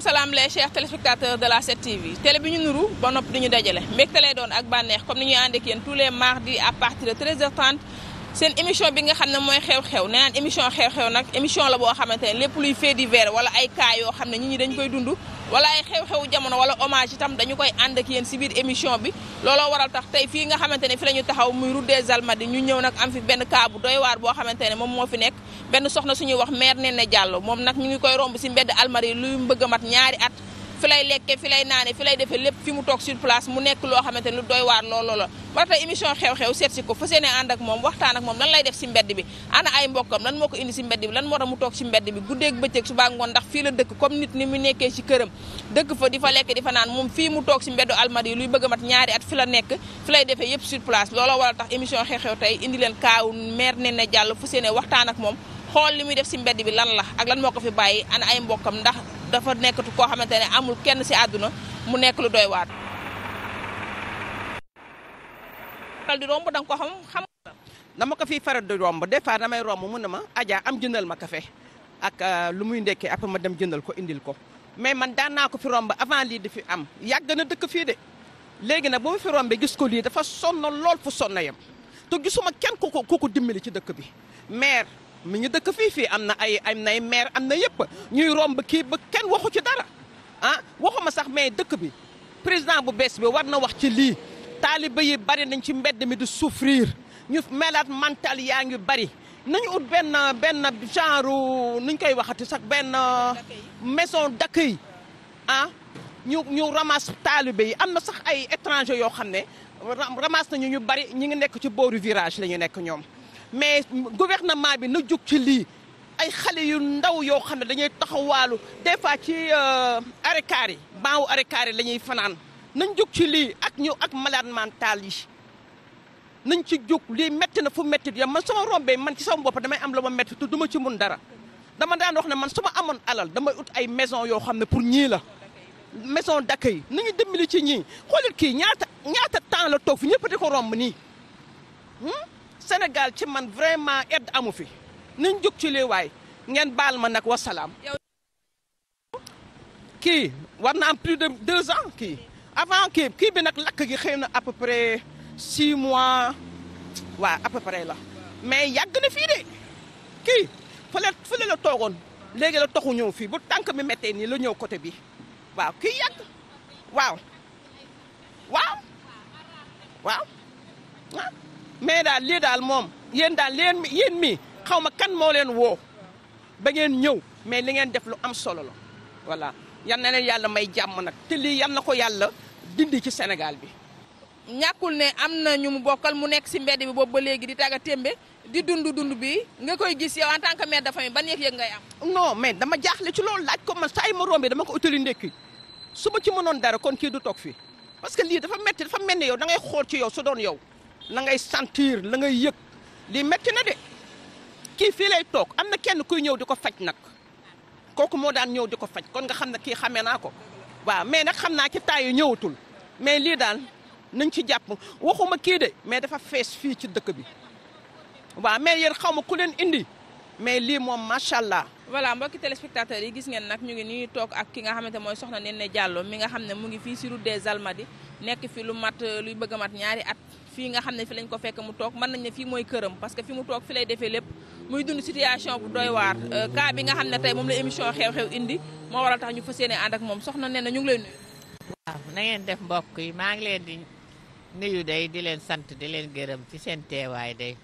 salaam salaam les chers téléspectateurs de la 7TV télé bi ñu nuru ba nopp di ñu dajale mbégte lay doon ak bànneex comme ni ñuy ànd ak yéen tous les mardis à partir de 13 h seen émission bi nga xam ne mooy xew-xew nee naan émission xew-xew nag émission la boo xamante ne lépp luy fait divers wala ay cas yoo xam ne ñi ñi dañ koy dund wala ay xew-xewu jamono wala hommage itam dañu koy ànd ak yéen si biir émission bi looloo waral tax tey fii nga xamante ne fi la ñu taxaw muy route des ñu ñëw nag am fi benn cas bu waar boo xamante ne moom moo fi nekk benn soxna suñuy wax mère Néné Diallo moom nag ñu ngi koy romb si mbedd Almadies luy mbëgg a mat ñaari at fi lay lekke fi lay naane fi lay defee lépp fi mu toog sur place mu nekk loo xamante ni lu doy waar looloo la ba tey émission xew-xew seet si ko fas yéene ànd ak moom waxtaan ak moom lan lay def si mbedd bi ana ay mbokkam lan moo moo tax mu toog si mbedd bi guddeeg bëccëg su baa ngoon ndax fii la dëkk ni mu nekkee si këram dëkk di fa lekk di fa moom fii mu toog si mbeddu almadi luy bëgg a mat at fi nekk lay defee yëpp sur place looloo wala tax émission xew indi leen kaawu maire Néné Diallo fas yéene waxtaan ak moom xool li muy def si mbedd bi lan la ak lan moo ko fi bàyyi ana ay mbokkam ndax dafa nekkatu koo xamante ne amul kenn si àdduna mu nekk lu doy waat. faral di danga ko xam xam. dama ko fi faral di romb des fois damay romb mu ne ma Adja am jëndal ma kafe ak euh, lu muy ndekkee après ma dem jëndal ko indil ko mais man daan naa ko fi romb avant lii di fi am yàgg na dëkk fii de léegi nag bu ma fi rombee gis ko lii dafa sonn lool fu sonn yem te gisuma kenn ku ko dimbali ci dëkk bi maire. mi ñu dëkk fii fii am na ay am na ay maire am na yëpp ñu romb kii ba kenn waxu ci dara ah waxuma sax mais dëkk bi président bu bees bi war na wax ci lii taaliba yi bari nañ ci mbedd mi di souffrir ñu melaat mental yaa ngi bari nañu ut benn benn genre nuñ koy waxati sax benn maison d'accueil ah ñu ñu ramasse taaliba yi am na sax ay étranger yoo xam ne ramasse nañu ñu bari ñu ngi nekk ci booru virage la ñu nekk ñoom mais gouvernement bi na jóg ci lii ay xale yu ndaw yoo xam ne dañuy taxawaalu des fois ci euh, arekaar yi baawu arekaar yi la ñuy fanaan nañ jóg ci lii ak ñu ak malade mental yi nañ ci jóg lii métti na fu métti yam man sama rombee man ci sama bopp damay am la ma métti te duma ci mun dara dama daan wax ne man su ma amoon alal damay ut ay maison yoo xam ne pour ñii la maison d'accueil nañu dimbali ci ñii xoolit kii ñaata ñaata temps la toog fi ñëpp di ko romb nii hmm? Sénégal ci man vraiment aide amu fi nañ jóg ci lii waay ngeen baal ma nag wasalaam. kii war na am plus de deux ans kii avant kii kii bi nag lakk gi xëy na à peu près six mois waaw à peu près la mais yàgg na fii de kii fële fële la toogoon léegi la toxu ñëw fii bu tànk mi méttee nii la ñëw côté bi waaw kii yàgg waaw waaw waaw. mais daal lii daal moom yéen daal leen yéen mii xaw ma kan moo leen woo ba ngeen ñëw mais li ngeen def lu am solo la voilà yan na leen yàlla may jàmm nag te lii yan na ko yàlla dindi ci Sénégal bi. ñàkkul ne am na ñu mu bokkal mu nekk si mbedd bi boobu ba léegi di tàgga témbe di dund dund bi nga koy gis yow en tant que mère de famille ban yëg-yëg ngay am. non mais dama jaaxle ci loolu laaj ko man saa yu ma rombee dama ko utali ndekki su ma ci mënoon dara kon kii du toog fii parce que lii dafa metti dafa mel ni yow da ngay xool ci yow su doon yow. la ngay sentir la ngay yëg lii metti na de kii fii lay toog am na kenn kuy ñëw di ko faj nag kooku moo daan ñëw di ko faj kon nga xam ne kii xamee naa ko waaw mais nag xam naa ci taay yu ñëwatul mais lii daal nañ ci jàpp waxuma kii de mais dafa fees fii ci dëkk bi waaw mais yéen xaw ma ku leen indi mais lii moom macha allah. voilà mbokki téléspectateurs yi gis ngeen nag ñu ngi nii toog ak ki nga xamante mooy soxna neen Néné jàlloo mi nga xam ne mu ngi fii si route des Almadies nekk fi lu mat luy bëgg a mat ñaari at. fii nga xam ne fi lañ ko fekk mu toog mën nañ ne fii mooy këram parce que fi mu toog fi lay defee lépp muy dund situation bu doy waar euh, cas bi nga xam ne tey moom la émission xew-xew indi moo a tax ñu fas yéene ànd ak moom soxna nee na ñu ngi lay def mbokk yi maa ngi leen di nuyu day di leen sant di leen gërëm ci seen teewaay day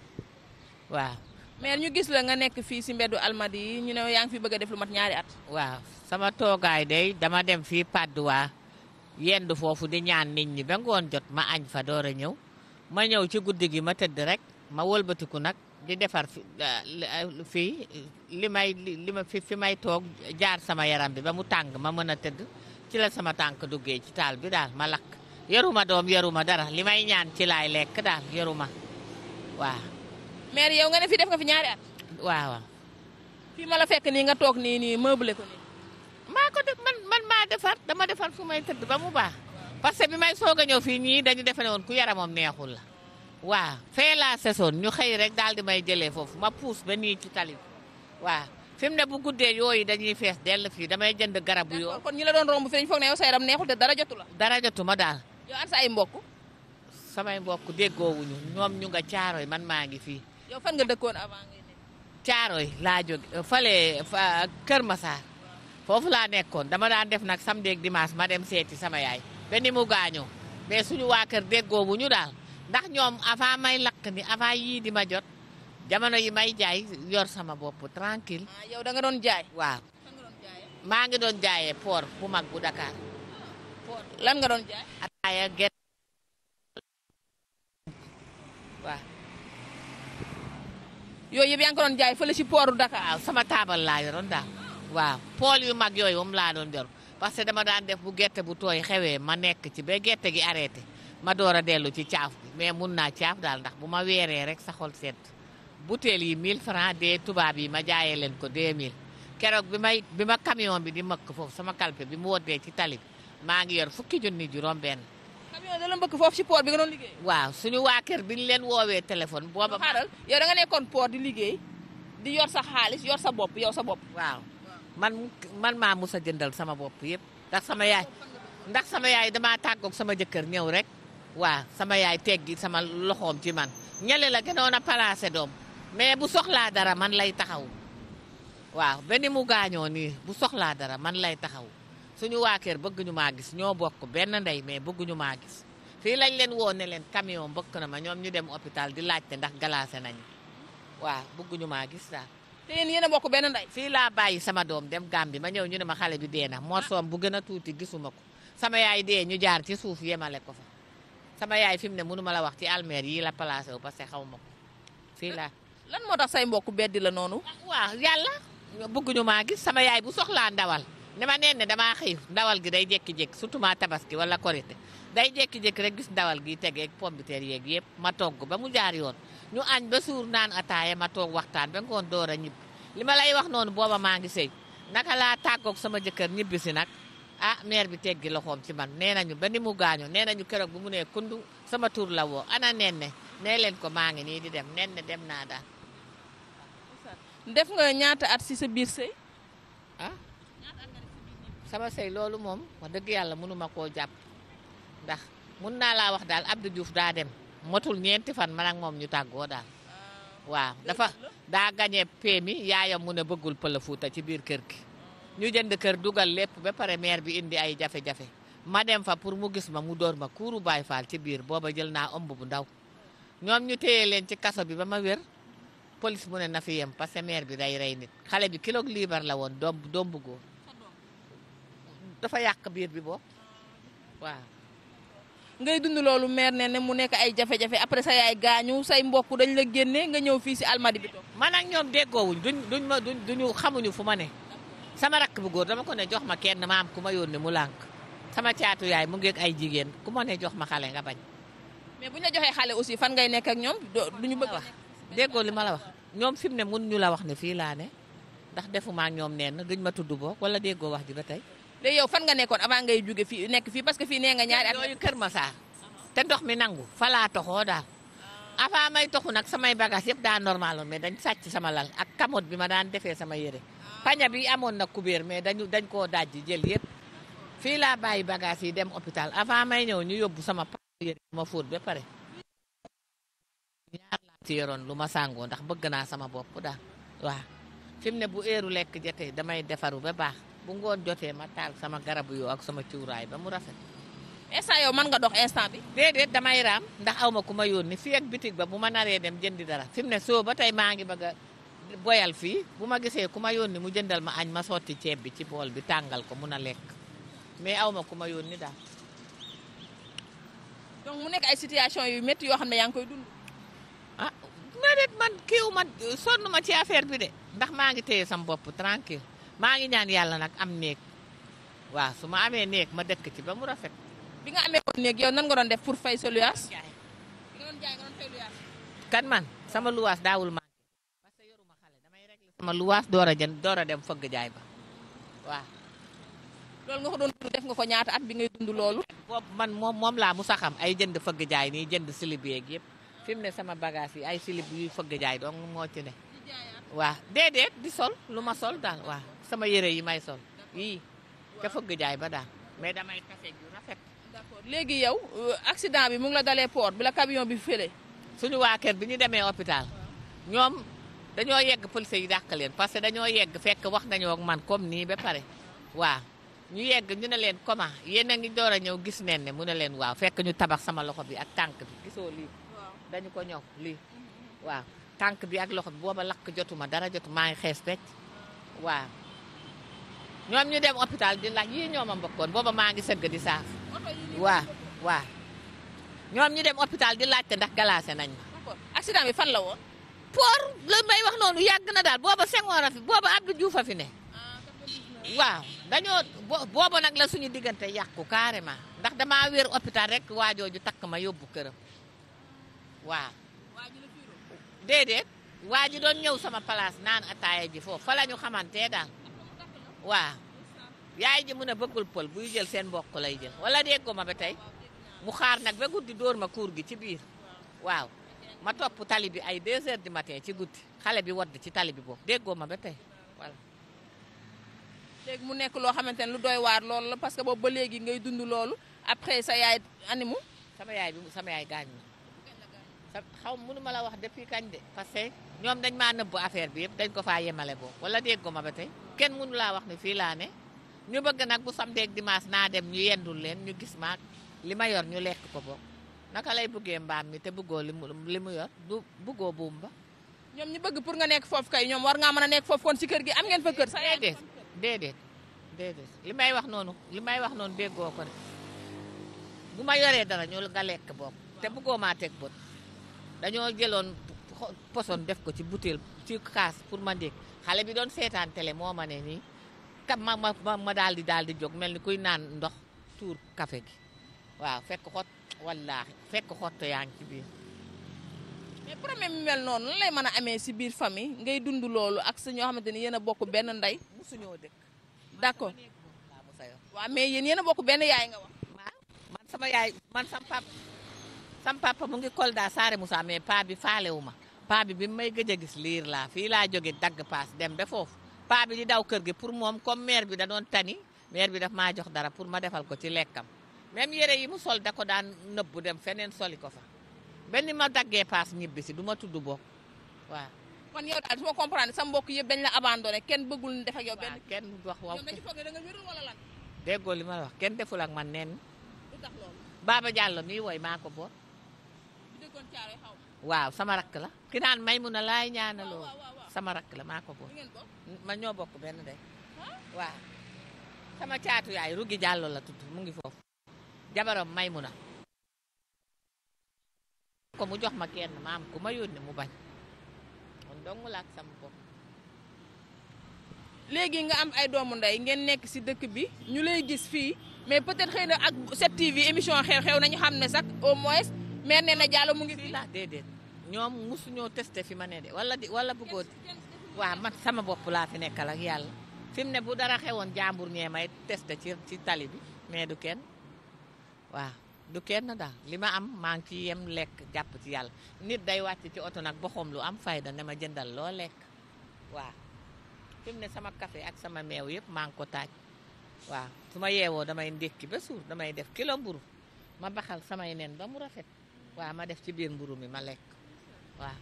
waaw. mais ñu gis la nga nekk fii si mbeddu almadi yi ñu ne yaa ngi fii bëgg a def lu mat ñaari at. waaw sama toogaay day dama dem fii waa yend foofu di ñaan nit ñi ba ngoon jot ma añ fa door a ñëw. ma ñëw ci guddi gi ma tëdd rek ma wëlbatiku nag di defar fii eh, li may li ma fi fi may toog jaar sama yaram bi ba mu tàng ma mën a tëdd ci la sama tànk duggee ci taal bi daal ma lakk yaruma doom yaruma dara li may ñaan ci lay lekk daal yaruma waaw. mère yow nga ne fi def nga fi ñaari at. waaw waaw. fii ma la fekk nii nga toog nii nii meuble ko nii. maa ko def man defar dama defar fu may tëdd ba mu baax. parce que bi may soog a ñëw fii ñii dañu defe ne woon ku yaramam neexul la waa fee laa sesoon ñu xëy rek daal di may jëlee foofu ma puus ba nii ci tali bi waaw fi ne bu guddee yooyu dañuy fees dell fii damay jënd garab yoo. d'accord ñi la doon romb fii dañu foog ne yow sa yaram neexul te dara la. dara jotu ma daal. yow an sa mbokk. samay mbokk déggoowuñu ñoom ñu nga caaroy man maa ngi fii. fan nga dëkkoon avant ngay nekk. caaroy laa jóge euh, fale fa Kër Massar foofu laa nekkoon dama daan def nag samedi ak dimanche ma dem seeti sama yaay. ba ni mu gaañoo mais suñu waa kër déggoo ñu daal ndax ñoom avant may lakk ni avant yii di ma jot jamono yi may jaay yor sama boppu tranquille ah, yow da doon jaay waaw maa ngi doon jaaye port bu mag bu Dakar lan nga doon jaay ataaya gerte waaw yooyu yëpp doon jaay fële si poor Dakar waaw sama taabal laa yoron daal waaw pool yu mag yooyu moom laa doon yor parce que dama daan def bu gerte bu tooy xewee ma nekk ci ba gerte gi arrêté ma door a dellu ci caaf bi mais mun naa caaf daal ndax bu ma weeree rek sa xol sedd butéel yi 1000 francs dee tubaab yi ma jaayee leen ko 2000 keroog bi may bi ma camion bi di mëkk foofu sama kalpe bi mu woddee ci tali bi maa ngi yor fukki junni juróom benn camion la mbëkk foofu ci port bi nga doon liggéey waaw suñu waa kër bi ñu leen woowee téléphone booba xaaral yow da nga nekkoon port di liggéey di yor sa xaalis yor sa bopp yow sa bopp man man maa mus jëndal sama bopp yëpp ndax sama yaay ndax sama yaay damaa tàggoog sama jëkkër ñëw rek waa sama yaay teggi sama loxoom ci man ñale la gënoon a placé doom mais bu soxlaa dara man lay taxaw waaw benn ni mu gaañoo nii bu soxlaa dara man lay taxaw suñu waa kër bëgguñu maa gis ñoo bokk benn ndey mais bëgguñu maa gis fii lañ leen woo ne leen camion bëkk na ma ñoom ñu dem hôpital di laajte ndax galaase nañ waaw bëgguñu maa gis daal te yéen yéen a bokk benn ndey. fii laa bàyyi sama doom dem Gàmbi ma ñëw ñu ne ma xale bi dee na ah. morsoom bu gën a tuuti gisuma ko sama yaay dee ñu jaar ci suuf yemale ko fa sama yaay fi mu ne mënu la wax ci almeer yii la placé wu parce que xaw ma ko fii laa. lan moo tax say mbokk beddi la noonu. Ah, waaw yàlla bëgguñu maa gis sama yaay bu soxlaa ndawal ne ma neen ne damaa xëy ndawal gi day jékki-jékki surtout ma tabaski wala korite day jékki-jékki rek gis ndawal gi tegeeg pomme de terre yeeg yëpp ma togg ba mu jaar yoon ñu añ ba suur naan ataaya ma toog waxtaan ba ngoon door a ñibbi li ma lay wax noonu booba maa ngi sëy naka laa tàggoog sama jëkkër ñibbi si nag a ah, maire bi teggi loxoom ci man nee nañu ba ni mu gaañoo nee nañu keroog bu mu nee kundu sama tur la woo ana nen nee leen ko maa ngi nii di dem nen ne dem naa daal. def nga ñaata at si sa biir sëy a ah? sama sëy loolu moom wax dëgg yàlla mënuma koo jàpp ndax mun naa laa wax daal Abdou Diouf daa dem. motul ñeenti fan man ak moom ñu tàggoo daal ah. waaw dafa daa gañe péemi yaayam mu ne bëggul pëla Fuuta ci biir kër gi ñu jënd kër dugal lépp ba pare maire bi indi ay jafe-jafe ma dem fa pour mu gis ma mu door ma kuuru Baay Faal ci biir booba jël naa ëmb bu ndaw ñoom ñu téye leen ci kaso bi ba ma wér police mu ne na fi yem parce que maire bi day rey nit xale bi kilo liibar la woon doom doom bu dafa yàq biir bi boobu ngay dund loolu maire ne ne mu nekk ay jafe-jafe après sa yaay gaañu say mbokk dañ la génne nga ñëw fii si almadi bi toog man duñ duñ ma duñ duñu xamuñu fu ma ne sama rakk bu góor dama ko ne jox ma kenn ma am ku ma yónni mu lànk sama caatu yaay mu ngeeg ay jigéen ku ma ne jox ma xale nga bañ mais bu ña joxee xale aussi fan ngay nekk ak ñoom duñu bëgg wax déggoo li ma la wax ñoom fi mu ne mun ñu wax ne fii laa ne ndax defumaa ñoom neen duñ ma tudd wala déggoo wax ji ba tey léegi yow fan nga nekkoon avant ngay jóge fii nekk fi parce que fii nee nga ñaari at. yooyu Kër Massar te ndox mi nangu fa laa toxoo daal avant may toxu nag samay bagage yëpp daa normal woon mais dañ sàcc sama lal ak kamot bi ma daan defee sama yére paña bi amoon na kubéer mais dañu dañ koo dajji jël yëpp fii laa bàyyi bagage yi dem hôpital avant may ñëw ñu yóbbu sama yére ma fóot ba pare ñaar laa ci yoroon lu ma sàngoo ndax bëgg naa sama bopp daal waaw fi mu ne bu eeru lekk jotee damay defaru ba baax bu ngoon jotee ma taal sama garabu yoo ak sama cuuraay ba mu rafet. instant yow man nga dox instant bi. déedéet damay raam ndax aw ma ku ma yónni fii ak bitig ba bu ma naree dem jëndi dara fi mu ne soo ba tey maa ngi bëgg a boyal fii bu ma gisee ku ma yónni mu jëndal ma añ ma sotti ceeb bi ci bool bi tàngal ko mun a lekk mais aw ma ku ma yónni daal. donc mu nekk ay situation yu métti yoo xam ne yaa ngi koy dund. ah déedéet man man sonn ma ci affaire bi de ndax maa ngi téye sam bopp tranquille maa ngi ñaan yàlla nag am néeg waaw su ma amee néeg ma dëkk ci ba mu rafet. bi nga amee woon néeg yow nan nga doon def pour fay sa luyaas. bi kan man sama luwaas daawul manqué parce que yoruma xale damay régler sama luwaas door a jën door a dem fëgg jaay ba waaw. loolu nga ko def nga ko ñaata at bi ngay dund loolu. boobu man moom moom laa musa xam ay jënd fëgg jaay nii jënd silib yeeg yëpp fi mu ne sama bagage yi ay silib yuy fëgg jaay donc moo ci ne. waaw déedéet di sol lu ma sol daal waa sama yére yi may sol yii ca fëgg jaay ba daal mais damay tase ju rafet. léegi yow euh, accident bi mu ngi la dalee port bi la camion bi fële. suñu waa kër bi ñu demee hôpital ñoom dañoo yegg police yi dàq leen parce que dañoo yegg fekk wax nañoo man comme nii ba pare waa ñu yegg ñu ne leen comment yéen a ngi door a ñëw gis neen ne mu ne leen waaw fekk ñu tabax sama loxo bi ak tànk bi gisoo lii dañu ko ñëw lii waaw tànk bi ak loxo booba lakk jotuma dara jotu maa ngi xees rek waaw ñoom ñu dem hôpital di laaj yii ñoom a mbokkoon booba maa ngi sëgg di saaf waaw waaw ñoom ñu dem hôpital di laaj laajte ndax galaase nañ ma accident bi fan la woon port la may wax noonu yàgg na daal booba Senghor a fi booba Abdou Diouf fi ne waaw dañoo booba nag la suñu diggante yàqu carrément ndax damaa wér hôpital rek waajooju takk ma yóbbu këram waaw déedéet waa ji doon ñëw sama place naan ataaya ji foofu fa la ñu xamante daal waaw yaay ji mun a bëggul pël buy jël seen mbokk lay jël wala déggoo ma ba tey mu xaar nag ba guddi dóor ma kuur gi ci biir waaw ma topp tali bi ay 2 heures du matin ci guddi xale bi wadd ci tali bi boobu déggoo ma ba tey voilà. léegi mu nekk loo xamante ne lu doy waar loolu la parce que boobu ba léegi ngay dund loolu après sa yaay animu sama yaay bi sama yaay gaañ ma xaw ma la wax depuis kañ de parce que ñoom dañ maa nëbb affaire bi yëpp dañ ko faa yemale boobu wala déggu ma ba tey kenn mënu laa wax ne fii laa ne ñu bëgg nag bu samedi ak dimanche naa dem ñu yendul leen ñu gis maag li ma yor ñu lekk ko bokk naka lay buggee mbaam mi te bëggoo li mu li mu yor du bëggoo buum ba ñoom ñu bëgg pour nga nekk foofu kay ñoom war ngaa mën a nekk foofu kon si kër gi am ngeen fa kër sa déedéet déedéet déedéet li may wax noonu li may wax noonu déggoo ko ma yoree dara ñu nga dañoo jëloon poson def ko ci butéel ci kaas pour ma ndéeg xale bi doon seetaan tele moo ma ne nii kap ma ma ma daal di daal di jóg mel ni kuy naan ndox tuur kafe gi waaw fekk xot wallaahi fekk xott yaa ngi ci biir. mais problème mi mel noonu lan lay mën a amee si biir famille ngay dund loolu ak sa ñoo xamante ni yéen a bokk benn ndey. musuñoo dëkk. d'accord waaw mais yéen yéen bokk benn yaay nga wax. man sama yaay man sama papa. sam papa mu ngi Kolda Saare Moussa mais paa bi faale wu ma paa bi bi may gëj gis liir laa fii laa jóge dagg paas dem ba foofu paa bi di daw kër gi pour moom comme maire bi da doon tani maire bi daf maa jox dara pour ma defal ko ci lekkam même yere yi mu sol da ko daan nëbbu dem feneen soli ko fa benn ma daggee paas ñibbisi duma du ma tudd bokk waaw. kon yow daal su ma comprendre sa mbokk yëpp dañ la abandonné kenn bëggul def ak yow. benn kenn wax waaw ñoom dañu foog ne da nga wérul wala li ma wax kenn deful ak man neen. du tax loolu. Baba Diallo mii waaw sama rakk la ki naan may mun a laay ñaanaloo sama rakk la maa ko boot ma ñoo bokk benn day waaw sama caatu yaay ruggi jàllo la tudd mu ngi foofu jabaram may mun a ko mu jox ma kenn maam ku ma yónni mu bañ kon dong la ak sama bopp léegi nga am ay doomu ndey ngeen nekk si dëkk bi ñu lay gis fii mais peut xëy na ak 7TV émission xew-xew nañu xam ne sax au moins mais nee na Diallo mu ngi fii laa déedéet ñoom mosuñoo testé fi ma ne de wala di wala bëggoo waaw man sama bopp laa fi nekkal ak yàlla fi ne bu dara xewoon jàmbur ñee may testé ci ci tali bi mais du kenn waaw du kenn daal li ma am maa ngi ciy yem lekk jàpp ci yàlla nit day wàcc ci oto nag boxom lu am fayda ne ma jëndal loo lekk waaw fi ne sama café ak sama meew yëpp maa ngi ko taaj waaw su ma yeewoo damay ndékki ba suur damay def kilo mburu ma baxal samay nen ba rafet waaw ma def ci biir mburu mi ma lekk waaw.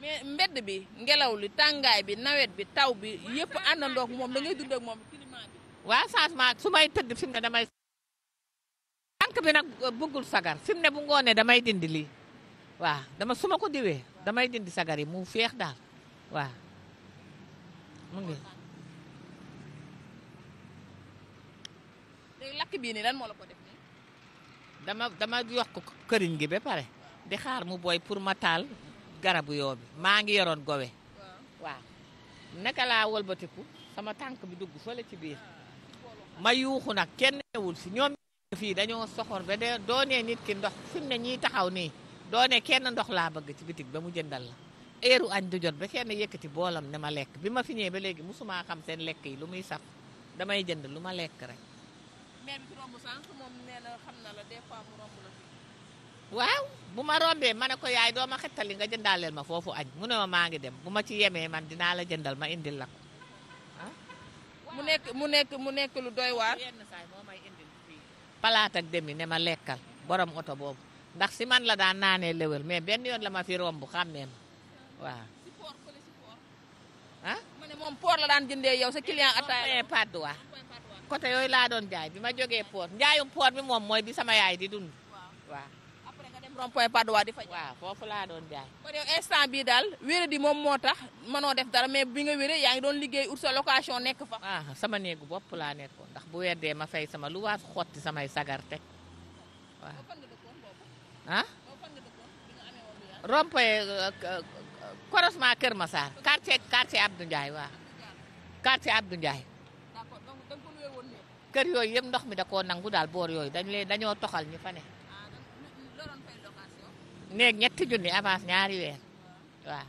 mais mbedd bi ngelaw li tàngaay bi nawet bi taw bi yëpp àndandoo ak moom da ngay moom climat bi. waaw changement su may tëdd fi mu ne damay. tànk bi nag bëggul sagar fi mu ne bu ngoonee damay dindi lii waaw dama su ma ko diwee damay dindi sagar yi mu feex daal waaw mu ngi. bii ko dama dama yokk këriñ gi ba pare di xaar mu booy pour ma taal garabu yoo bi maa ngi yoroon gowe waaw naka laa walbatiku sama tànk bi dugg fële ci biir ma yuuxu nag kenn newul si ñoom fii dañoo soxor ba de doonee nit ki ndox fi mu ne ñiy taxaw nii doone kenn ndox laa bëgg ci bitig ba mu jëndal la eeru añ du jot ba kenn yëkkati boolam ne ma lekk bi ma fi ñëwee ba léegi musumaa xam seen lekk yi lu muy saf damay jënd lu ma lekk rek maire waaw bu ma rombee ma ne ko yaay doo ma xettali nga jëndaaleel ma foofu añ mu ne ma maa ngi dem bu ma ci yemee man dinaa la jëndal ma indil la ko ah. mu nekk mu nekk mu nekk lu doy waar. yenn saay demi ne ma lekkal borom oto boobu ndax si man la daan naanee léwél mais benn yoon la ma fi romb xàmmee ma ah? ma ne moom port la daan jëndee yow sa client. Eh, attaaya la côté yooyu laa doon jaay bi ma jógee port njaayum port bi moom mooy bi sama yaay di dund waaw di fa waaw foofu laa doon jaay kon instant bii daal wéré di moom moo tax mënoo def dara mais bi nga wéré yaa ngi doon liggéey ut location nekk fa ah, sama néegu bopp laa nekkoon ndax bu weddee ma fay sama lu waat xotti samay sagar teg waaw ah rond point croisement Kër Massar quartier quartier Abdou Ndiaye waaw quartier Abdou Ndiaye kër yooyu yëpp ndox mi da nangu daal boor yooyu dañ leen dañoo toxal ñu fa ne. néeg ñetti junni avance ñaari weer waaw.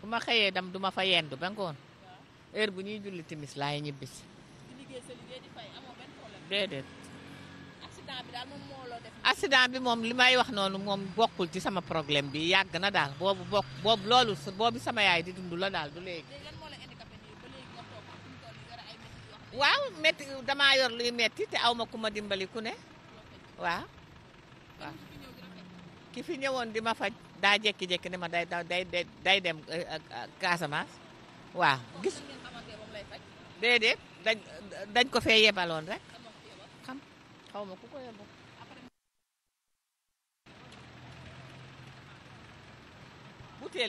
bu ma xëyee dam du fa yendu ba ngoon heure bu ñuy julli timis laay ñibbisi. déedéet. accident bi moom li may wax noonu moom bokkul ci sama problème bi yàgg na daal boobu bokk boobu sama yaay di dund la daal du léegi. waaw métti damaa yor luy metti te aw ma ku ma dimbali ku ne waaw ki fi ñëwoon di ma faj daa jékki-jékki ne ma day day day dem eh, Casamance waaw gis déedéet dañ dañ ko fee yebaloon rek xam xaw ma ku ko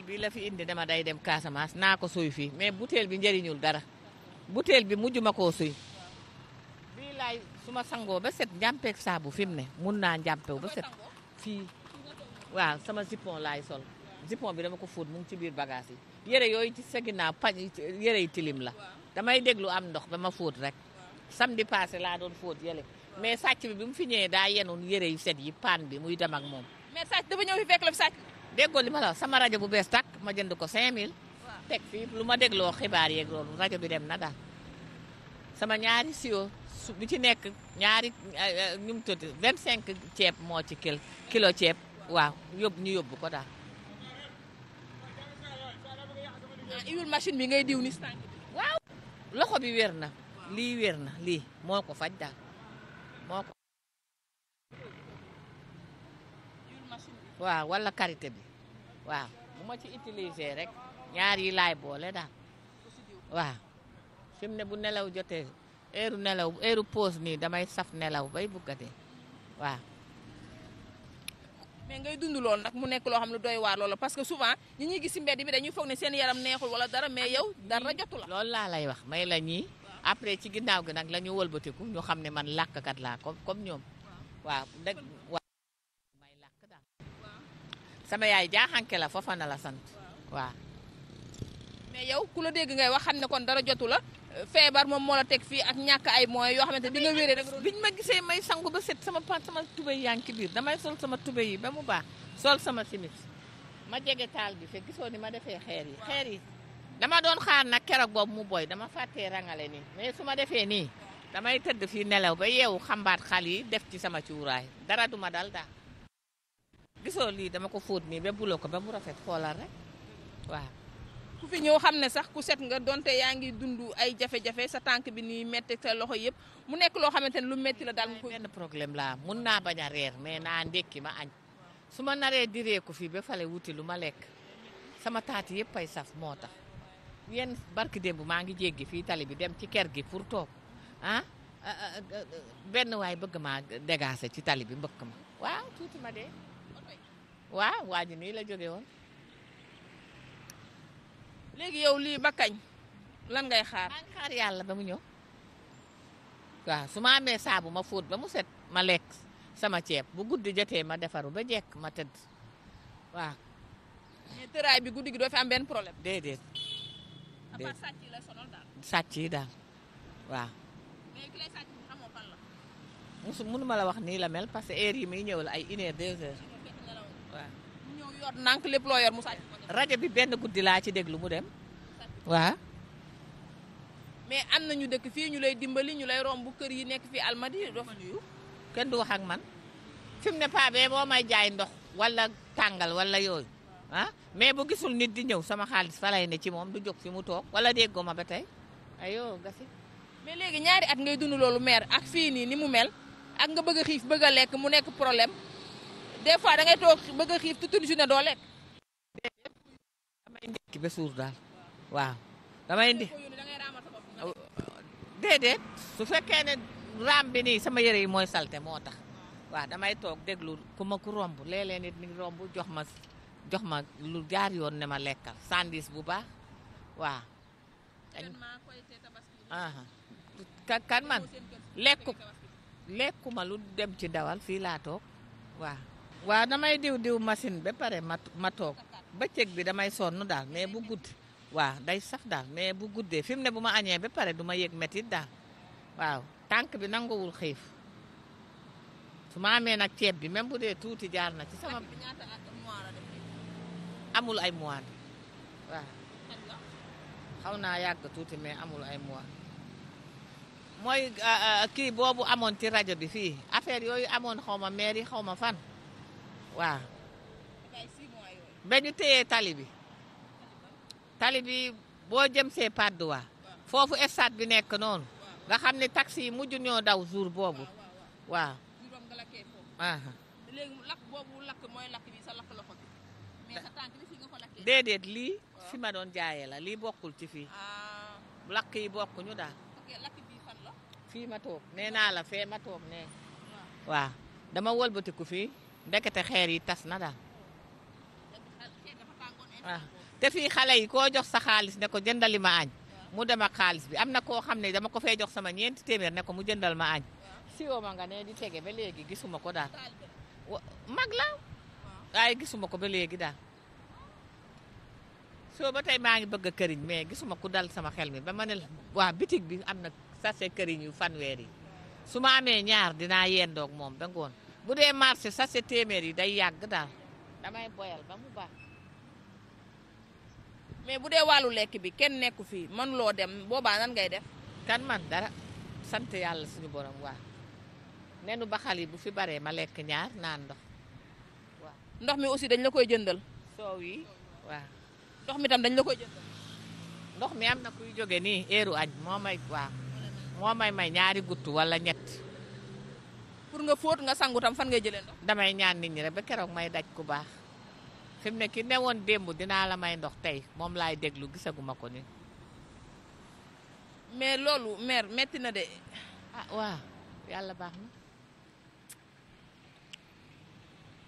bi la fi indi dama day dem Casamance naa ko suy fii mais butéel bi njariñul dara butéel bi mujj ma koo suy bii laay su ma sangoo ba set njàmpeeg saabu fi mu ne mun naa njàmpew ba set fii waaw sama sippon laay sol jupon bi dama ko fóot mu ngi ci biir yi yére yooyu ci sa ginnaaw pañ yére yi tilim la damay déglu am ndox ba ma fóot rek samedi passé laa doon fóot yële mais sàcc bi mu fi ñëwee daa yenoon yére yu set yi paan bi muy dem ak moom mais sàcc dafa ñëw fi fekk la fi sàcc déggoo li ma la sama rajo bu bees tàkk ma jënd ko 5000 teg fii lu ma dégloo xibaar yeeg loolu rajo bi dem na daal sama ñaari siwo su bi ci nekk ñaari ñu eh, mu vingt cinq ceeb moo ci kil kilo ceeb waaw yóbbu ñu yóbbu ko daal. ah bi ngay diw loxo bi wér na lii wér na lii moo ko faj daal waaw wala karité bi waaw bu ma ci utiliser rek. ñaar yi laay boole daal waaw fi ne bu nelaw jotee heure nelaw heure pause nii damay saf nelaw bay buggatee waaw. mais ngay dund loolu nag mu nekk loo xam ne doy waar loolu parce que souvent ñi ñuy gis ci mbedd bi dañuy foog ne seen yaram neexul wala dara mais yow dara jotu la. laa lay wax may la ñii après ci ginnaaw gi nag la ñu wëlbatiku ñu xam ne man làkkat laa comme comme ñoom waaw dëgg waaw may làkk daal sama yaay jaaxanke la foofa na sant waaw. mais yow ku la dégg ngay wax xam ne kon dara jotu la euh, feebar moom moo la teg fii ak ñàkk ay moyens yoo xamante di nga wéree rek bi ñu ma gisee may sangu ba set sama pa sama tubéy yaa ngi ci damay sol sama tubéy yi ba mu baax sol sama simis ma jege taal bi fekk gisoo ni ma defee xeer yi xeer yi dama doon xaar nag keroog boobu mu boy dama fàttee rangale nii mais su ma defee nii damay tëdd fii nelaw ba yeewu xambaat xal yi def ci sama cuuraay dara duma dal lii dama ko fóot nii ba ko ba mu rafet xoolal ku fi ñëw xam ne sax ku set nga donte yaa ngi dund ay jafe-jafe sa tànk bi nii metti sa loxo yëpp mu nekk loo xamante ne lu metti la daal nga ko benn laa mun naa bañ a mais naa ndékki ma añ su ma naree di reeku fii ba fale wuti lu ma lekk sama taati yëpp ay saf moo tax yenn barki démb maa ngi jéggi fii tali bi dem ci kër gi pour toog ah, ah, ah, benn waay bëgg maa dégaase ci tali bi mbëkk ma waaw tuuti ma dee waaw waa ji nii la jóge woon léegi yow lii ba kañ lan ngay xaar. yàlla ba mu ñëw waaw su ma amee saabu ma fóot ba mu set ma lekk sama ceeb bu guddi jotee ma defaru ba jekk ma tëdd waaw. mais tëraay bi guddi gi doo fi am benn problème. déedéet. déedéet sàcc yi la daal. waaw. mais ki lay la. musu mënu ma la wax nii la mel parce que yi muy ñëw la ay une heure deux yor nànk lépp yor mu sàcc rajo bi benn guddi laa ci déglu mu dem waa mais am nañu dëkk fii ñu lay dimbali ñu lay romb kër yi nekk fii almadi doo fa nuyu kenn du wax ak man fi mu ne paa bee boo may jaay ndox walla tàngal wala yooyu ah mais bu gisul nit di ñëw sama xaalis fa lay ne ci moom du jóg fi mu toog wala déggoo ma ba tey ayoo gasi mais léegi ñaari at ngay dund loolu meer ak fii nii ni mu mel ak nga bëgg a xiif bëgg a lekk mu nekk problème des fois da ngay toog bëgg a xiif toute une journée doo lekk. damay ndekki ba suur daal waaw damay ndekki déedéet su fekkee ne raam bi nii sama yëre yi mooy salte moo tax waaw damay toog déglu ku ma ku romb léeg nit mi romb jox ma jox ma lu jaar yoon ne ma lekkal sandis bu baax waaw. kan ah, man lekku lekkuma lu dem ci dawal fii laa toog waaw. waaw damay diw diw machine ba pare ma ma toog bëccëg bi damay sonn daal mais bu gudd waaw day saf daal mais bu guddee fi ne bu ma añee ba pare du ma yëg métit daal waaw tànk bi nanguwul xiif su ma amee nag ceeb bi même bu dee tuuti jaar na ci sama. amul ay mois waaw xaw naa yàgg tuuti mais amul ay mois mooy ah, ah, kii boobu amoon ci rajo bi fii affaire yooyu amoon xaw ma mairie xaw ma fan. waaw ba ñu talibi tali boo jëm see Padois foofu stade bi nekk noonu nga xam ne taxi yi mujj ñoo daw jur boobu waaw. léegi fi lii fi ma doon jaayee la lii bokkul ci fi ah. lakk yi bokkuñu daal. ok lakk fii ma toog nee naa la fee ma toog nee. waaw dama wëlbatiku fii. ndekete xeer yi tas na daal waaw ah. te fii xale yi koo jox sa xaalis ne ko jëndali ma añ mu dem xaalis bi am na koo xam ne dama ko fee jox sama ñeenti téeméer ne ko mu jëndal ma añ si woo ma nga ne di tege ba léegi gisuma ko daal mag la ay gisuma ko ba léegi daal soo ba tey maa ngi bëgg këriñ mais gisuma ku dal sama xel mi ba ma waa bitik bi am na sase këriñ yu fanweer yi su ma amee ñaar dinaa yendook moom ba ngoon bu dee marché sachet téeméer yi day yàgg daal damay boyal ba mu baax mais bu dee wàllu lekk bi kenn nekku fii man loo dem boobaa nan ngay def kan man dara sant yàlla suñu borom waa nenu baxal yi bu fi baree ma lekk ñaar naan ndox waaw ndox mi aussi dañ la koy jëndal soow yi waaw ndox mi tam dañ la koy jëndal ndox mi am na kuy jóge nii eeru añ moo may waaw moo may may ñaari gutt walla ñett nga fóot nga sangu tam fan ngay jëlee ndox. damay ñaan nit ñi rek ba keroog may daj ku baax fi mu ne ki newoon démb dinaa la may ndox tey moom laay déglu gisaguma ko ni mais loolu mère metti na de. ah waa yàlla baax na.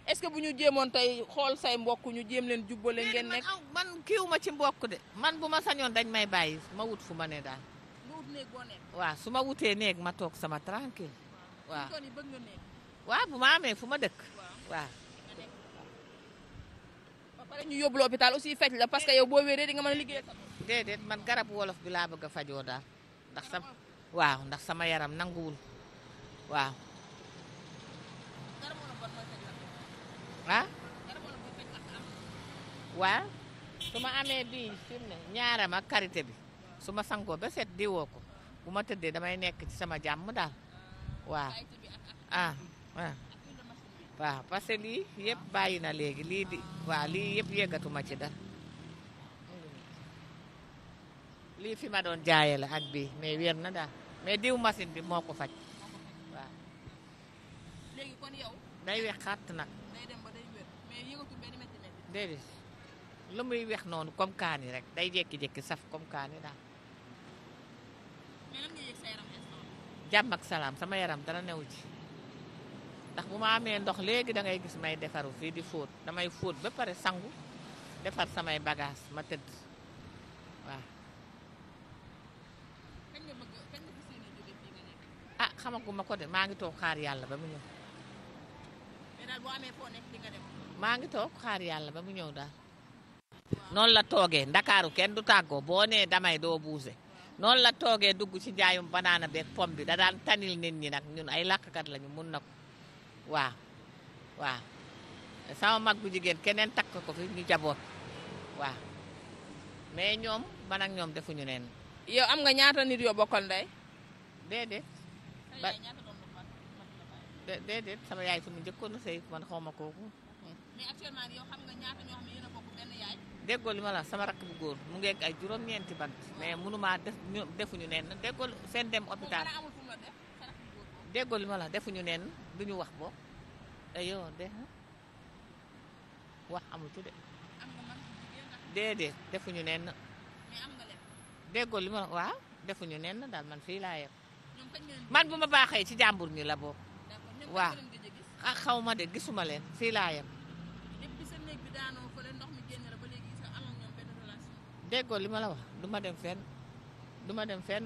est-ce que bu ñu jéemoon tey xool say mbokk ñu jéem leen jubbale ngeen nekk. man kiiw ma ci mbokk de man bu ma sañoon dañ may bàyyi ma wut fu ma ne daal. nga waaw su ma wutee néeg ma toog sama tranquille waaw waaw bu ma amee fu ma dëkk waaw. ba pare ñu yóbbu l'hôpital aussi faj la parce que yow boo wéree di nga mën a liggéey déedéet man garab wolof bi laa bëgg a fajoo daal ndax sama ah, ah. waaw ndax sama yaram nanguwul waaw. ah. waaw su ma amee bii ñaaram ak karité bi su ma sangoo ba set diwoo ko bu ma tëddee damay nekk ci sama jàmm daal. waaw ah parce que lii yépp bàyyi na léegi lii di waaw lii yëpp yëggatuma ci dara lii fi ma doon jaayee la ak bii mais wér na daal mais diw machine bi moo ko faj waaw. léegi kon yow. day weex xàtt nag. day dem lu muy wex noonu comme kaani rek day jékki-jékki saf comme kaani daal. jàmm ak salaam sama yaram dara newu ci ndax bu ma amee ndox léegi dangay gis may defaru fii di fóot damay fóot ba pare sangu defar samay bagaas ma tëdd waaw. ah xamaguma ko de maa ngi toog xaar yàlla ba mu ñëw. maa ngi toog xaar yàlla ba mu ñëw daal. noonu la toogee ndakaaru kenn du tàggoo boo nee damay doo buuse. noonu la toogee dugg ci njaayum banaana beeg pomme bi da daan tanil nit ñi nag ñun ay làkkat lañu mun na ko waaw waaw sama mag bu jigéen keneen takk ko fi ñu jaboot waaw mais ñoom man ak ñoom defuñu neen yow am nga ñaata nit yoo bokkal ndey déedéet ba déedéet sama yaay su mu njëkkoon na sëy man xawma kooku déggoo li ma la sama rakk bu góor mu ngeeg ay juróom-ñeenti bant mais mënumaa def defuñu neen déggoo seen dem hôpital li ma la defuñu neen duñu wax bo ayo eh, de wax amul ci de defuñu neen déggoo li ma la waaw defuñu neen daal man fii laa yem man bu ma baaxee ci jàmbur ñi la boo waaw ah xaw de gisuma leen fii déggoo li ma la wax du dem fenn du ma fenn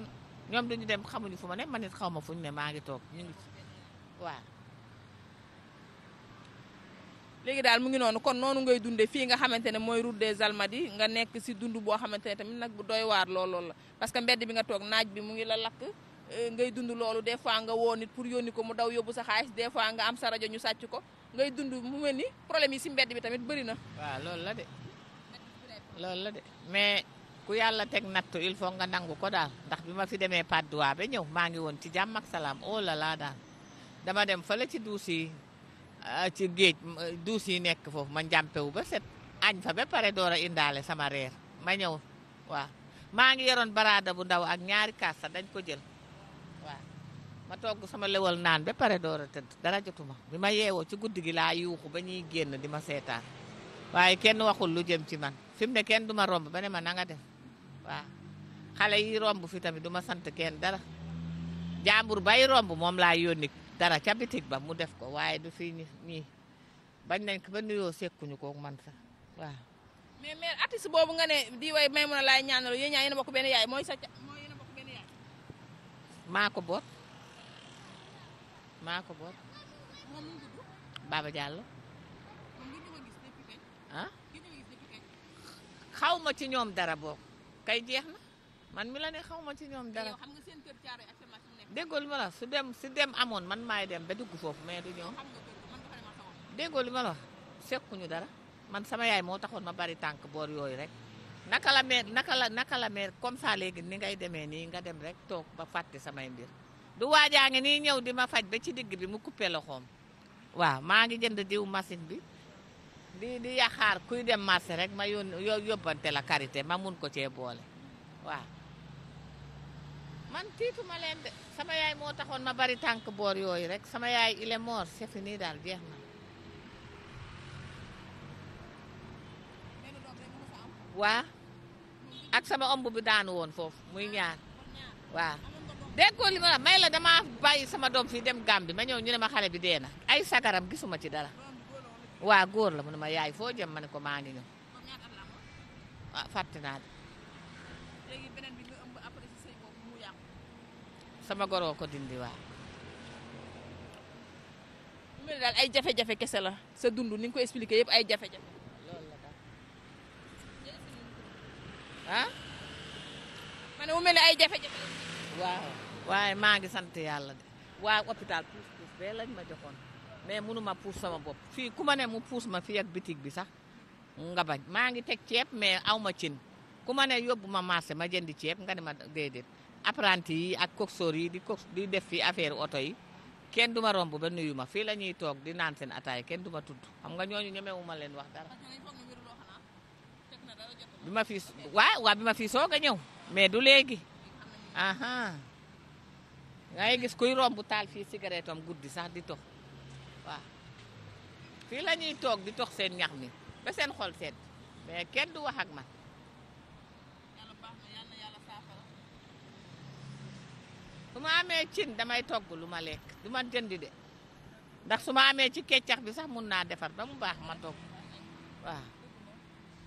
ñoom duñu dem xamuñu fu ne man nit xaw ma fu ne maa ngi toog waaw. léegi daal mu ngi noonu kon noonu ngay dundee fii nga xamante ne mooy route des Almadies nga nekk si dund boo xamante ne tamit nag bu doy waar lool la parce que mbedd bi nga toog naaj bi mu ngi la lakk euh, ngay dund loolu des fois nga woo nit pour yónni ko mu daw yóbbu sa xaalis des fois nga am sa rajo ñu sàcc ko ngay dund mu mel ni problème yi si mbedd bi tamit bëri na. loolu la de. loolu la de mais ku yàlla teg nattu il faut nga nangu ko daal ndax bi ma fi demee Patte d'Oie ba ñëw maa ngi woon ci jàmm salaam oh la laa daal dama dem fële ci duus yi euh, ci géej euh, duus yi nekk foofu ma njàmpewu ba set añ fa ba pare door a indaale sama reer ma ñëw waaw maa ngi yoroon baraada bu ndaw ak ñaari kaas dañ ko jël waaw ma toog sama lewal naan ba pare door a tëdd dara jotuma bi ma yeewoo ci guddi gi laa yuuxu ba ñuy génn di ma seetaan waaye kenn waxul lu jëm ci man fi mu ne kenn du ma romb ba ma nanga nga def waaw xale yi romb fi tamit du sant kenn dara jàmbur bay romb moom laa yónni dara ca ba mu def ko waaye du fi ñii bañ nañ ko ba nuyoo sekkuñu ko man sax waaw. mais mais artiste boobu nga ne di way Maimouna laay ñaanal yéen ñaa yéen a bokk benn yaay mooy sa mooy yéen a bokk benn yaay. maa ko boot maa ko boot. Baba Diallo. xaw ma ci ñoom dara boobu kay jeex na man mi la ne xaw ci ñoom dara. xam nga seen kër déggoo li ma la wax su dem su dem amoon man maay dem ba dugg foofu mais du ñoom. déggoo li ma la wax sekkuñu dara man sama yaay moo taxoon ma bari tànk boor yooyu rek. naka la meer naka la naka la meer comme ça léegi ni ngay demee nii nga dem rek toog ba fàtte samay mbir du waajaa ngi nii ñëw di ma faj ba ci digg bi mu kuppee loxoom waaw maa ngi jënd diw machine bi. di di yaxaar kuy dem marché rek ma yónni yóbbante la karité ma mun ko cee boole waaw man tiitu leen de sama yaay moo taxoon ma bari tànk boor yooyu rek sama yaay il est mort c'est daal jeex na. waa ak sama omb bi daanu woon foofu muy ah, ñaar waaw déggoo li ma may la damaa bàyyi sama doom fii dem Gàmbi ma ñëw ñu ne ma xale bi dee na ay sagaram gisuma ci dara. waa góor la mu ne ma yaay foo jëm ma ne ko maa ngi ñëw ah sama goroo ko dindi waa. mu daal ay jafe-jafe kese la sa dund ni nga ko expliqué yëpp ay jafe-jafe. loolu la daal. Ah? mel ne ay jafe-jafe. waaw waaye maa ngi sant yàlla de. waa hôpital puus puus bee lañ ma joxoon. mais munu ma puus sama bopp fii ku ma ne mu puus ma fii ak bitig bi sax nga bañ maa ngi teg ceeb mais aw ma cin ku ma ne yóbbu ma marché ma jëndi ceeb nga ne ma déedéet apprenti yi ak coxeur yi di cox di def fii affaire oto yi kenn du ma romb ba nuyu ma fii la ñuy toog di naan seen ataay kenn du ma tudd xam nga ñooñu ñemewu ma leen wax dara. bi ma fii waaw waaw bi ma soog a ñëw mais du léegi. aha ngay gis kuy romb taal fii cigarette am guddi sax di tox waaw fii la ñuy toog di tox seen ñax mi ba seen xol seen mais kenn du wax ak man. yàlla su ma amee cin damay togg lu ma lekk du ma jënd de ndax su ma amee ci keccax bi sax mun naa defar ba mu baax ma togg waa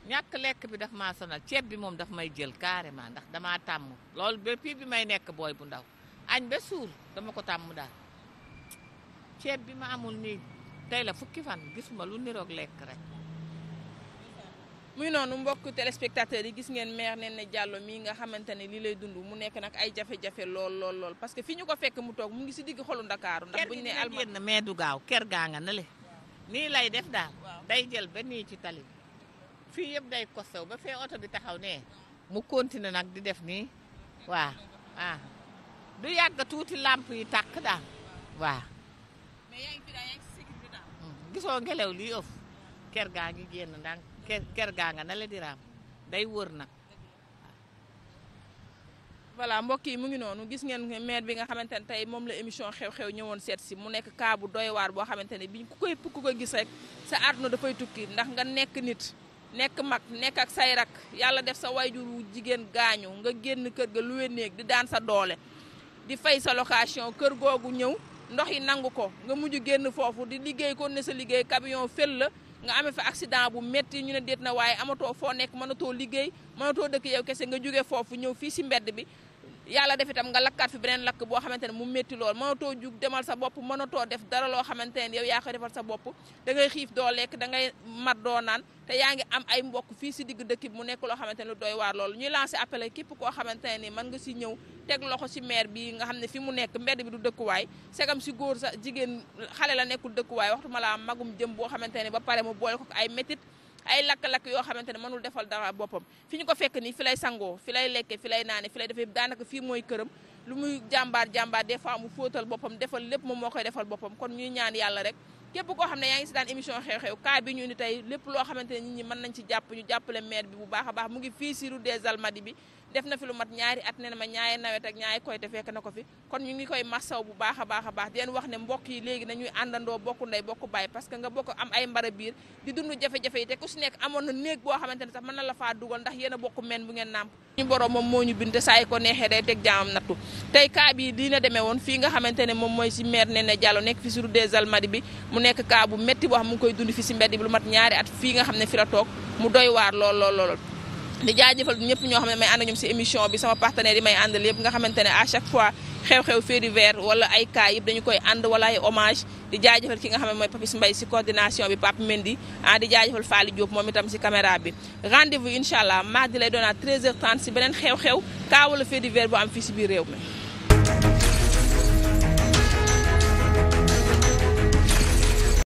ñàkk lekk bi dafa ma sonal ceeb bi moom dafa may jël carrément ndax damaa tàmm loolu depuis bi may nekk booy bu ndaw añ ba suur dama ko tàmm daal. ceeb bi ma amul nii tey la fukki fan gis ma lu niroog lekk rek. muy noonu mbokk téléspectateurs yi gis ngeen maire Néné Diallo mii nga xamante ne li lay dund mu nekk nag ay jafe-jafe lool lool lool que fi ñu ko fekk mu toog mu ngi si digg xolu Ndakaaru ndax bu ñu nee alma na mais du gaaw ker gaa nga na le nii lay def daal day jël ba nii ci tali fii yëpp day kosew ba fee oto di taxaw nee mu continuer nag di def nii waa ah du yàgg tuuti làmp yi tàkk daal waa mais yaa ngi hmm. gisoo ngelaw lii ëff ker gaa ngi génn ndànk ker ker gaa nga na la di day wër nag. voilà mbokk yi mu ngi noonu gis ngeen maire bi nga xamante ne tey moom la émission xew-xew ñëwoon seet si mu nekk kaabu bu doy waar boo xamante ne bi ku koy ku ko gis rek sa àdduna dafay tukki ndax nga nekk nit nekk mag nekk ak say rak yàlla def sa wayjur wu jigéen gaañu nga génn kër ga luwe néeg di daan sa doole di fay sa location kër googu ñëw ndox yi nangu ko nga mujj génn foofu di liggéey kon ne sa liggéey camion fel la nga ame fa accident bu métti ñu ne déet na waaye amatoo foo nekk mënatoo liggéey mënatoo dëkk yow kese nga jóge foofu ñëw fii si mbedd bi yàlla def itam nga lakkaat fi beneen lakk boo xamante ne mu métti lool mënatoo jug demal sa bopp mënatoo def dara loo xamante ne yow yaa koy defal sa bopp da ngay xiif doo lekk dangay mat doo naan te yaa ngi am ay mbokk fii si digg dëkk bi mu nekk loo xamante ne lu doy waar loolu ñuy lancé appel képp koo xamante ne mën nga si ñëw teg loxo si maire bi nga xam ne fi mu nekk mbedd bi du dëkkuwaay segam si góor sa jigéen xale la nekkul dëkkuwaay waxtu ma laa magum jëm boo xamante ne ba pare mu boole ay métit ay lakk-lakk yoo xamante ne mënul defal dara boppam fi ñu ko fekk ni fi lay sangoo fi lay lekke fi lay naane fi lay defee daanaka fi mooy këram lu muy jàmbaar jàmbaar des fois mu fóotal boppam defal lépp moom moo koy defal boppam kon ñuy ñaan yàlla rek képp koo xam ne yaa ngi si daan émission xew-xew cas bi ñu ni tey lépp loo xamante ne nit ñi mën nañ ci jàpp ñu jàppale maire bi bu baax a baax mu ngi fii si route des Almadies bi def na fi lu mat ñaari at ne ma ñaari nawet ak ñaari koy te fekk na ko fi kon ñu ngi koy massaw bu baax a baax a baax di wax ne mbokk yi léegi na nañuy àndandoo bokku ndey bokk baay parce que nga bokk am ay mbara biir di dund jafe-jafe yi te ku si nekk amoon na néeg boo xamante ne sax man na la faa dugal ndax yéen a bokk men bu ngeen nàmp ñu borom moo ñu bind te ko neexee day teg jaamam nattu tey cas bi dina demee woon fii xamante ne moom mooy si maire Néné Diallo nekk fi sur des Almadies bi mu nekk cas bu métti boo koy dund fi si mbedd bi lu mat ñaari at fii nga xam ne fi la toog mu doy waar lool lool lool di jaajëfal ñëpp ñoo xam ne may ànd ñoom si émission bi sama partenaire yi may àndal yëpp nga xamante ne à chaque fois xew-xew fait divers wala ay cas yëpp dañu koy ànd wala ay hommage di jaajëfal ki nga xam ne mooy Papis Mbaye si coordination bi Pape Mendy ah di jaajëfal Faly Diop moom itam si caméra bi rendez-vous incha allah mardi lay doon à 13 h si beneen xew-xew cas wala fait divers bu am fii si biir réew mi